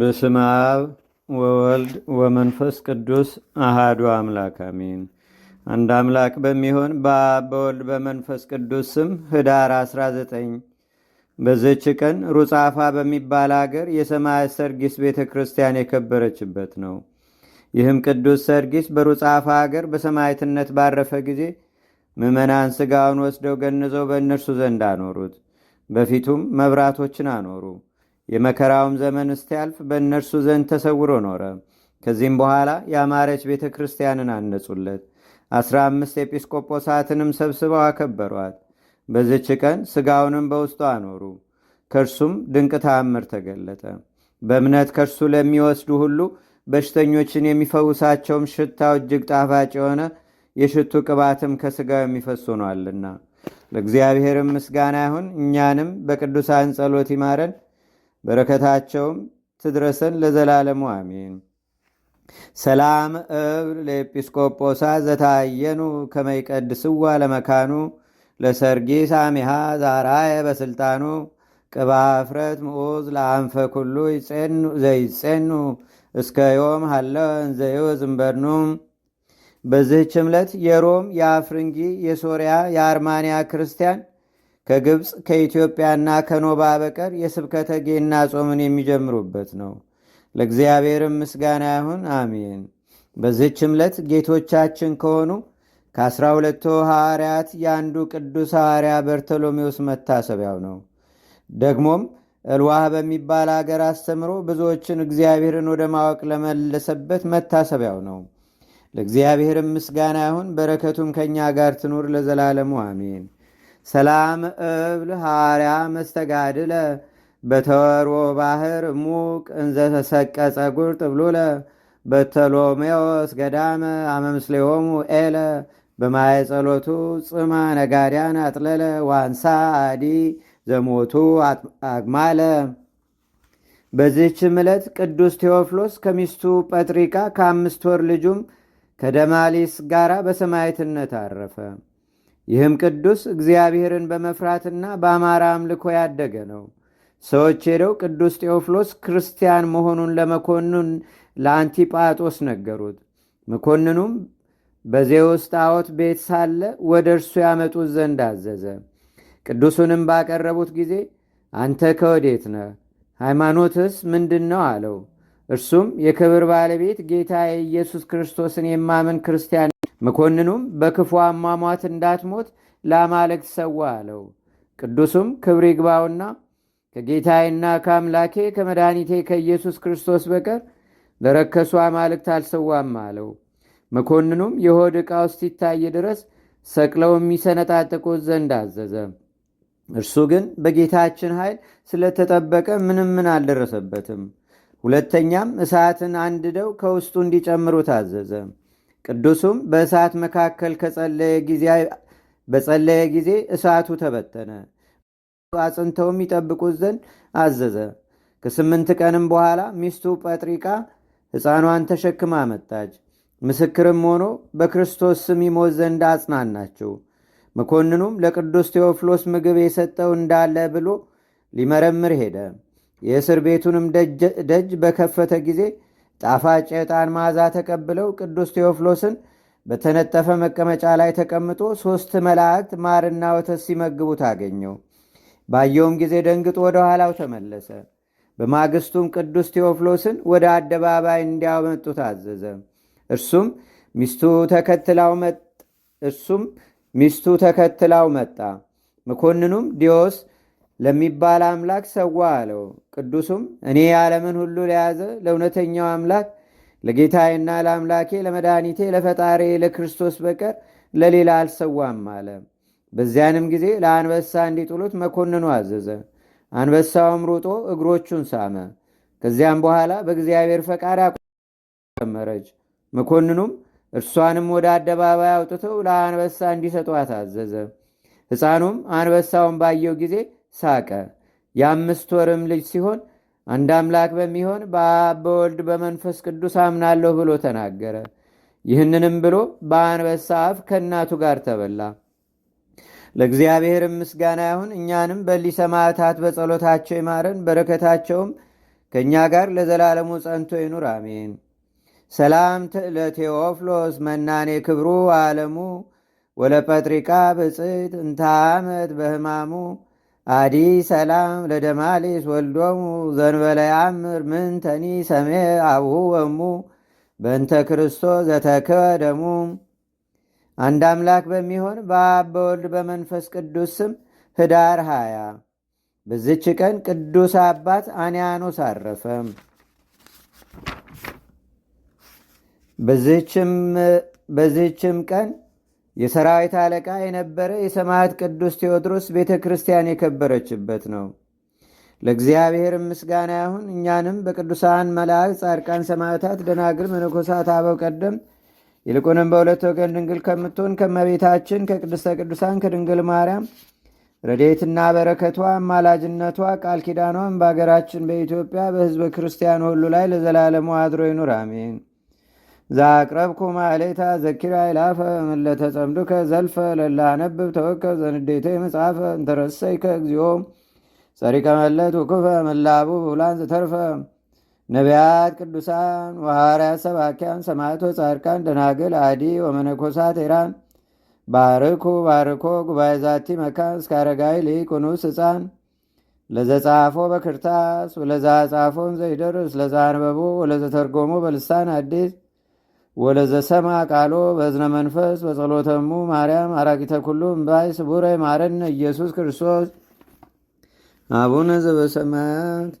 በስመ አብ ወወልድ ወመንፈስ ቅዱስ አሃዱ አምላክ አሜን። አንድ አምላክ በሚሆን በአብ በወልድ በመንፈስ ቅዱስ ስም ህዳር 19 በዘች ቀን ሩጻፋ በሚባል አገር የሰማዕት ሰርጊስ ቤተ ክርስቲያን የከበረችበት ነው። ይህም ቅዱስ ሰርጊስ በሩጻፋ አገር በሰማዕትነት ባረፈ ጊዜ ምዕመናን ሥጋውን ወስደው ገንዘው በእነርሱ ዘንድ አኖሩት። በፊቱም መብራቶችን አኖሩ። የመከራውም ዘመን እስቲያልፍ በእነርሱ ዘንድ ተሰውሮ ኖረ። ከዚህም በኋላ የአማረች ቤተ ክርስቲያንን አነጹለት። አስራ አምስት ኤጲስቆጶሳትንም ሰብስበው አከበሯት። በዝች ቀን ስጋውንም በውስጡ አኖሩ። ከእርሱም ድንቅ ተአምር ተገለጠ። በእምነት ከእርሱ ለሚወስዱ ሁሉ በሽተኞችን የሚፈውሳቸውም ሽታው እጅግ ጣፋጭ የሆነ የሽቱ ቅባትም ከስጋው የሚፈሱ ሆኗልና ለእግዚአብሔርም ምስጋና ይሁን። እኛንም በቅዱሳን ጸሎት ይማረን በረከታቸውም ትድረሰን ለዘላለሙ አሚን ሰላም እብር ለኤጲስቆጶሳ ዘታየኑ ከመይቀድስዋ ለመካኑ ለሰርጊስ አሚሃ ዛራየ በስልጣኑ ቅባፍረት ምዑዝ ለአንፈ ኩሉ ዘይጸኑ እስከ ዮም ሃለወን ዘዮ ዝንበርኑ በዚህች ችምለት የሮም የአፍርንጊ፣ የሶሪያ የአርማንያ ክርስቲያን ከግብፅ ከኢትዮጵያና ከኖባ በቀር የስብከተ ጌና ጾምን የሚጀምሩበት ነው። ለእግዚአብሔርም ምስጋና ይሁን፣ አሜን። በዚህች ችምለት ጌቶቻችን ከሆኑ ከአስራ ሁለቱ ሐዋርያት የአንዱ ቅዱስ ሐዋርያ በርተሎሜዎስ መታሰቢያው ነው። ደግሞም እልዋህ በሚባል አገር አስተምሮ ብዙዎችን እግዚአብሔርን ወደ ማወቅ ለመለሰበት መታሰቢያው ነው። ለእግዚአብሔርም ምስጋና ይሁን፣ በረከቱም ከእኛ ጋር ትኑር ለዘላለሙ አሜን። ሰላም እብል ሃርያ መስተጋድለ በተወርቦ ባህር ሙቅ እንዘተሰቀ ጸጉር ጥብሉለ በተሎሜዎስ ገዳመ አመምስሌሆሙ ኤለ በማየ ጸሎቱ ጽማ ነጋዳያን አጥለለ ዋንሳ አዲ ዘሞቱ አግማለ። በዚች ምለት ቅዱስ ቴዎፍሎስ ከሚስቱ ጴጥሪቃ ከአምስት ወር ልጁም ከደማሊስ ጋራ በሰማይትነት አረፈ። ይህም ቅዱስ እግዚአብሔርን በመፍራትና በአማራ አምልኮ ያደገ ነው። ሰዎች ሄደው ቅዱስ ቴዎፍሎስ ክርስቲያን መሆኑን ለመኮንን ለአንቲጳጦስ ነገሩት። መኮንኑም በዜውስ ጣዖት ቤት ሳለ ወደ እርሱ ያመጡት ዘንድ አዘዘ። ቅዱሱንም ባቀረቡት ጊዜ አንተ ከወዴት ነ? ሃይማኖትስ ምንድን ነው? አለው። እርሱም የክብር ባለቤት ጌታ የኢየሱስ ክርስቶስን የማምን ክርስቲያን መኮንኑም በክፉ አሟሟት እንዳትሞት ለአማልክት ሰዋ አለው። ቅዱሱም ክብር ይግባውና ከጌታዬና ከአምላኬ ከመድኃኒቴ ከኢየሱስ ክርስቶስ በቀር ለረከሱ አማልክት አልሰዋም አለው። መኮንኑም የሆድ ዕቃ ውስጥ ይታይ ድረስ ሰቅለው የሚሰነጣጥቁት ዘንድ አዘዘ። እርሱ ግን በጌታችን ኃይል ስለተጠበቀ ምንም ምን አልደረሰበትም። ሁለተኛም እሳትን አንድደው ከውስጡ እንዲጨምሩ ታዘዘ። ቅዱሱም በእሳት መካከል በጸለየ ጊዜ እሳቱ ተበተነ። አጽንተውም ይጠብቁት ዘንድ አዘዘ። ከስምንት ቀንም በኋላ ሚስቱ ጳጥሪቃ ሕፃኗን ተሸክማ መጣች። ምስክርም ሆኖ በክርስቶስ ስም ይሞት ዘንድ አጽናናቸው። መኮንኑም ለቅዱስ ቴዎፍሎስ ምግብ የሰጠው እንዳለ ብሎ ሊመረምር ሄደ። የእስር ቤቱንም ደጅ በከፈተ ጊዜ ጣፋጭ የዕጣን መዓዛ ተቀብለው ቅዱስ ቴዎፍሎስን በተነጠፈ መቀመጫ ላይ ተቀምጦ ሦስት መላእክት ማርና ወተት ሲመግቡት አገኘው። ባየውም ጊዜ ደንግጦ ወደ ኋላው ተመለሰ። በማግስቱም ቅዱስ ቴዎፍሎስን ወደ አደባባይ እንዲያመጡት አዘዘ። እርሱም ሚስቱ ተከትላው መጣ እርሱም ሚስቱ ተከትላው መጣ። መኮንኑም ዲዮስ ለሚባል አምላክ ሰዋ አለው። ቅዱሱም እኔ የዓለምን ሁሉ ለያዘ ለእውነተኛው አምላክ ለጌታዬና ለአምላኬ ለመድኃኒቴ ለፈጣሪ ለክርስቶስ በቀር ለሌላ አልሰዋም አለ። በዚያንም ጊዜ ለአንበሳ እንዲጥሉት መኮንኑ አዘዘ። አንበሳውም ሩጦ እግሮቹን ሳመ። ከዚያም በኋላ በእግዚአብሔር ፈቃድ ጀመረች። መኮንኑም እርሷንም ወደ አደባባይ አውጥተው ለአንበሳ እንዲሰጧት አዘዘ። ሕፃኑም አንበሳውን ባየው ጊዜ ሳቀ። የአምስት ወርም ልጅ ሲሆን አንድ አምላክ በሚሆን በአብ በወልድ በመንፈስ ቅዱስ አምናለሁ ብሎ ተናገረ። ይህንንም ብሎ በአንበሳ አፍ ከእናቱ ጋር ተበላ። ለእግዚአብሔር ምስጋና ይሁን። እኛንም በሊቀ ሰማዕታት በጸሎታቸው ይማረን፣ በረከታቸውም ከእኛ ጋር ለዘላለሙ ጸንቶ ይኑር አሜን። ሰላም ለቴዎፍሎስ መናኔ ክብሩ አለሙ ወለጰጥሪቃ ብፅዕት እንተ ዓመት በህማሙ አዲ ሰላም ለደማሊስ ወልዶሙ ዘንበለ ያአምር ምንተኒ ሰሜ አብሁ ወሙ በእንተ ክርስቶስ ዘተክበ ደሙ። አንድ አምላክ በሚሆን በአብ በወልድ በመንፈስ ቅዱስ ስም ህዳር ሃያ በዝች ቀን ቅዱስ አባት አንያኖስ አረፈ። በዝችም ቀን የሰራዊት አለቃ የነበረ የሰማዕት ቅዱስ ቴዎድሮስ ቤተ ክርስቲያን የከበረችበት ነው። ለእግዚአብሔር ምስጋና ይሁን። እኛንም በቅዱሳን መላእክት፣ ጻድቃን፣ ሰማዕታት፣ ደናግል፣ መነኮሳት፣ አበው ቀደም ይልቁንም በሁለት ወገን ድንግል ከምትሆን ከመቤታችን ከቅድስተ ቅዱሳን ከድንግል ማርያም ረዴትና በረከቷ አማላጅነቷ ቃል ኪዳኗን በአገራችን በኢትዮጵያ በሕዝበ ክርስቲያን ሁሉ ላይ ለዘላለሙ አድሮ ይኑር፣ አሜን። ዛቅረብኩ ማሌታ ዘኪራ ይላፈ ለተጸምዱከ ዘልፈ ለላነብብ ተወከብ ዘንዴተ መጽሐፈ እንተረሰይከ እግዚኦ ጸሪቀ መለት ውክፈ መላቡ ብላን ዝተርፈ ነቢያት ቅዱሳን ወሐዋርያት ሰባኪያን ሰማዕቶ ጻድቃን ደናግል አዲ ወመነኮሳት ኤራን ባርኩ ባርኮ ጉባኤ ዛቲ መካን እስከ አረጋዊ ሊቅ ኑስ ሕፃን ለዘጻፎ በክርታስ ወለዛ ጻፎን ዘይደርስ ለዛ አንበቦ ወለዘተርጎሞ በልሳን አዲስ ወለዘሰማ ቃሎ በዝነ መንፈስ በጸሎተሙ ማርያም አራቂተ ኩሉ እምባይ ስቡረይ ማረን ኢየሱስ ክርስቶስ አቡነ ዘበሰማያት